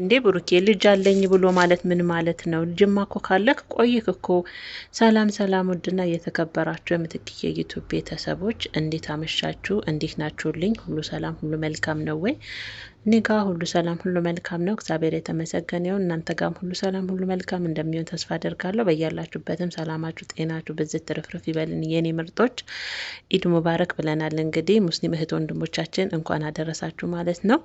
እንዴ ብሩኬ ልጅ አለኝ ብሎ ማለት ምን ማለት ነው? ልጅማ እኮ ካለክ ቆይክ እኮ። ሰላም ሰላም፣ ውድና እየተከበራችሁ የምትክዬ ዩቱብ ቤተሰቦች እንዴት አመሻችሁ? እንዴት ናችሁልኝ? ሁሉ ሰላም፣ ሁሉ መልካም ነው ወይ? እኔ ጋ ሁሉ ሰላም ሁሉ መልካም ነው። እግዚአብሔር የተመሰገነ ይሁን። እናንተ ጋም ሁሉ ሰላም ሁሉ መልካም እንደሚሆን ተስፋ አደርጋለሁ። በያላችሁበትም ሰላማችሁ፣ ጤናችሁ ብዝት ትርፍርፍ ይበልን። የኔ ምርጦች ኢድ ሙባረክ ብለናል። እንግዲህ ሙስሊም እህት ወንድሞቻችን እንኳን አደረሳችሁ ማለት ነው።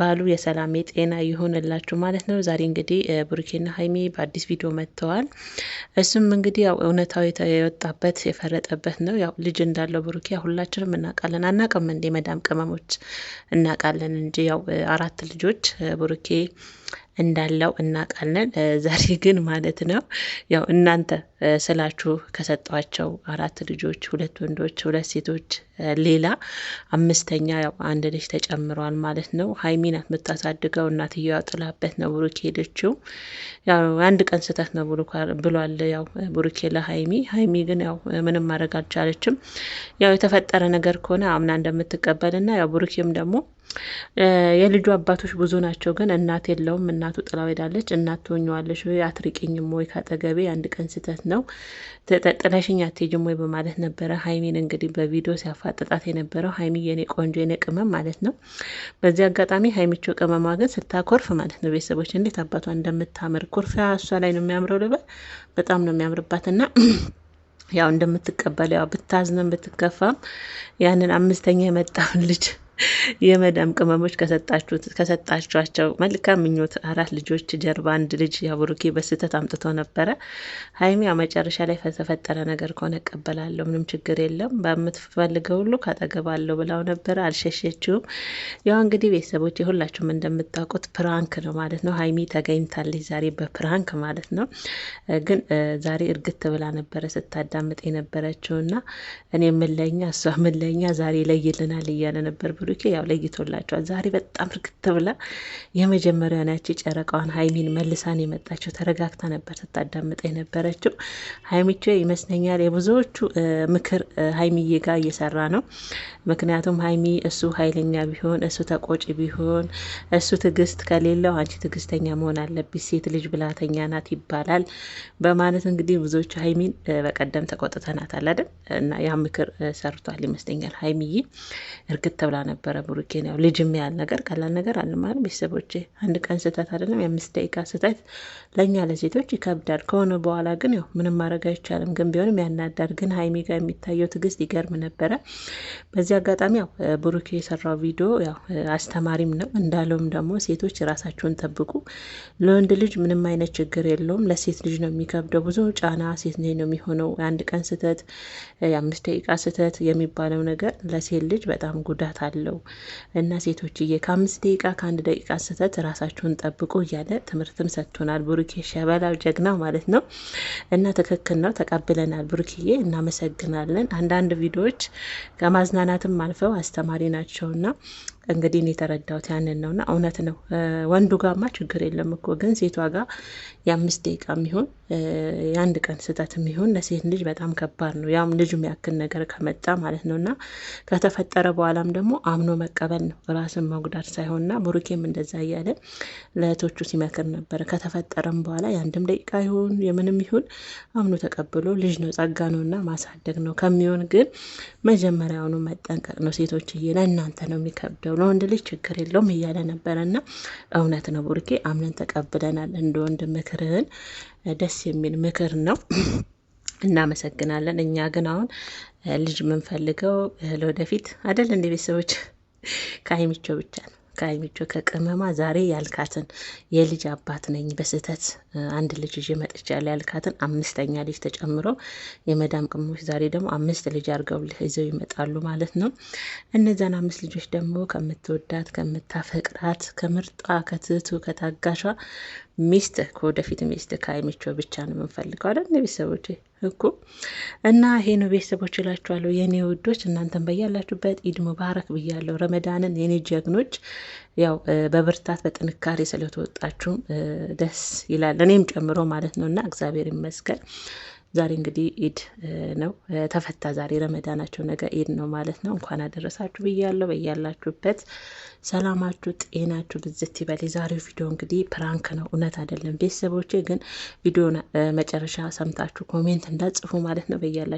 ባሉ የሰላም የጤና ይሁንላችሁ ማለት ነው። ዛሬ እንግዲህ ብሩኬና ሀይሜ በአዲስ ቪዲዮ መጥተዋል። እሱም እንግዲህ ያው እውነታው የወጣበት የፈረጠበት ነው። ያው ልጅ እንዳለው ብሩኬ ሁላችንም እናውቃለን። አናውቅም እንዴ? መዳም ቅመሞች እናውቃለን እንጂ ያው ያው አራት ልጆች ብሩኬ እንዳለው እናውቃለን። ዛሬ ግን ማለት ነው ያው እናንተ ስላችሁ ከሰጧቸው አራት ልጆች ሁለት ወንዶች፣ ሁለት ሴቶች ሌላ አምስተኛ ያው አንድ ልጅ ተጨምሯል ማለት ነው። ሀይሚ ናት የምታሳድገው። እናትየዋ ጥላበት ነው ብሩኬ ሄደችው። ያው አንድ ቀን ስህተት ነው ብሏል ያው ብሩኬ ለሀይሚ። ሀይሚ ግን ያው ምንም ማድረግ አልቻለችም። ያው የተፈጠረ ነገር ከሆነ አምና እንደምትቀበልና ያው ብሩኬም ደግሞ የልጁ አባቶች ብዙ ናቸው፣ ግን እናት የለውም። እናቱ ጥላው ሄዳለች። እናት ትሆኘዋለች ወይ አትርቂኝም ወይ ካጠገቤ አንድ ቀን ስህተት ነው ተጠጥነሽኝ አትሄጂም ወይ በማለት ነበረ ሀይሚን እንግዲህ በቪዲዮ ሲያፋጥጣት የነበረው። ሀይሚ የኔ ቆንጆ የኔ ቅመም ማለት ነው። በዚህ አጋጣሚ ሀይሚቸው ቅመማ ግን ስታኮርፍ ማለት ነው ቤተሰቦች እንዴት አባቷ እንደምታምር ኩርፊያ እሷ ላይ ነው የሚያምረው ልበል። በጣም ነው የሚያምርባትና ያው እንደምትቀበል ያው ብታዝንም ብትከፋም ያንን አምስተኛ የመጣውን ልጅ የመዳም ቅመሞች ከሰጣችኋቸው መልካም ምኞት አራት ልጆች ጀርባ አንድ ልጅ የብሩኬ በስህተት አምጥቶ ነበረ። ሀይሚያ መጨረሻ ላይ ተፈጠረ ነገር ከሆነ እቀበላለሁ፣ ምንም ችግር የለም፣ በምትፈልገው ሁሉ ካጠገባለሁ ብላው ነበረ። አልሸሸችውም። ያው እንግዲህ ቤተሰቦች ሁላችሁም እንደምታውቁት ፕራንክ ነው ማለት ነው። ሀይሚ ተገኝታለች ዛሬ በፕራንክ ማለት ነው። ግን ዛሬ እርግት ብላ ነበረ ስታዳምጥ እና እኔ ምለኛ እሷ ምለኛ ዛሬ ይለይልናል እያለ ነበር ብሩኬ ያው ለይቶላቸዋል። ዛሬ በጣም ርክት ብላ የመጀመሪያ ናቸው ጨረቃዋን ሀይሚን መልሳን የመጣቸው ተረጋግታ ነበር ስታዳምጠ የነበረችው ሀይሚቹ ይመስለኛል። የብዙዎቹ ምክር ሀይሚዬ ጋር እየሰራ ነው። ምክንያቱም ሀይሚ እሱ ሀይለኛ ቢሆን እሱ ተቆጭ ቢሆን እሱ ትግስት ከሌለው አንቺ ትግስተኛ መሆን አለብሽ፣ ሴት ልጅ ብላተኛ ናት ይባላል በማለት እንግዲህ ብዙዎቹ ሀይሚን በቀደም ተቆጥተናት አይደል እና ያ ምክር ሰርቷል ይመስለኛል። ሀይሚዬ እርግጥ ተብላ ነበረ። ብሩኬን ያው ልጅም ያህል ነገር ቀላል ነገር አልማል። ቤተሰቦች አንድ ቀን ስህተት አይደለም፣ የአምስት ደቂቃ ስህተት ለእኛ ለሴቶች ይከብዳል። ከሆነ በኋላ ግን ያው ምንም ማድረግ አይቻልም። ግን ቢሆንም ያናዳል። ግን ሀይሚ ጋር የሚታየው ትዕግስት ይገርም ነበረ። በዚህ አጋጣሚ ያው ብሩኬ የሰራው ቪዲዮ ያው አስተማሪም ነው እንዳለውም ደግሞ ሴቶች ራሳቸውን ጠብቁ። ለወንድ ልጅ ምንም አይነት ችግር የለውም፣ ለሴት ልጅ ነው የሚከብደው። ብዙ ጫና ሴት ነው የሚሆነው። አንድ ቀን ስህተት የአምስት ደቂቃ ስህተት የሚባለው ነገር ለሴት ልጅ በጣም ጉዳት አለው እና ሴቶችዬ ከአምስት ደቂቃ ከአንድ ደቂቃ ስህተት ራሳችሁን ጠብቁ እያለ ትምህርትም ሰጥቶናል። ብሩኬ ሸበላው ጀግና ማለት ነው እና ትክክል ነው፣ ተቀብለናል። ብሩኬዬ እናመሰግናለን። አንዳንድ ቪዲዮዎች ከማዝናናትም አልፈው አስተማሪ ናቸውና እንግዲህ እኔ የተረዳሁት ያንን ነውና እውነት ነው። ወንዱ ጋማ ችግር የለም እኮ ግን ሴቷ ጋር የአምስት ደቂቃ የሚሆን የአንድ ቀን ስህተት የሚሆን ለሴት ልጅ በጣም ከባድ ነው። ያም ልጁ የሚያክል ነገር ከመጣ ማለት ነው እና ከተፈጠረ በኋላም ደግሞ አምኖ መቀበል ነው ራስን መጉዳት ሳይሆንና ብሩኬም እንደዛ እያለ ለእህቶቹ ሲመክር ነበረ። ከተፈጠረም በኋላ የአንድም ደቂቃ ይሁን የምንም ይሁን አምኖ ተቀብሎ ልጅ ነው ጸጋ ነው እና ማሳደግ ነው ከሚሆን ግን መጀመሪያውኑ መጠንቀቅ ነው። እየለ እናንተ ነው የሚከብደው ሆነ ወንድ ልጅ ችግር የለውም እያለ ነበረ እና እውነት ነው ቡርኬ፣ አምነን ተቀብለናል። እንደ ወንድ ምክርህን ደስ የሚል ምክር ነው። እናመሰግናለን። እኛ ግን አሁን ልጅ የምንፈልገው ለወደፊት አደል እንደ ቤተሰቦች ከሀይሚቸው ብቻ ነው። ከአይሚቾ ከቅመማ ዛሬ ያልካትን የልጅ አባት ነኝ በስህተት አንድ ልጅ ይዤ መጥቻለሁ ያልካትን አምስተኛ ልጅ ተጨምሮ የመዳም ቅመሞች ዛሬ ደግሞ አምስት ልጅ አድርገውልህ ይዘው ይመጣሉ ማለት ነው። እነዚያን አምስት ልጆች ደግሞ ከምትወዳት ከምታፈቅራት፣ ከምርጧ፣ ከትህቱ፣ ከታጋሿ ሚስት ከወደፊት ሚስት ከአይሚቾ ብቻ ነው የምንፈልገው አለ ቤተሰቦች እኮ እና ይሄን ቤተሰቦች እላችኋለሁ፣ የኔ ውዶች፣ እናንተን በያላችሁበት ኢድ ሙባረክ ብያለሁ። ረመዳንን የኔ ጀግኖች፣ ያው በብርታት በጥንካሬ ስለተወጣችሁም ደስ ይላል፣ እኔም ጨምሮ ማለት ነው እና እግዚአብሔር ይመስገን። ዛሬ እንግዲህ ኢድ ነው፣ ተፈታ ዛሬ ረመዳናቸው፣ ነገ ኢድ ነው ማለት ነው። እንኳን አደረሳችሁ ብያለሁ። በያላችሁበት ሰላማችሁ፣ ጤናችሁ ብዝት ይበል። የዛሬው ቪዲዮ እንግዲህ ፕራንክ ነው፣ እውነት አይደለም ቤተሰቦቼ። ግን ቪዲዮ መጨረሻ ሰምታችሁ ኮሜንት እንዳጽፉ ማለት ነው። በያላችሁ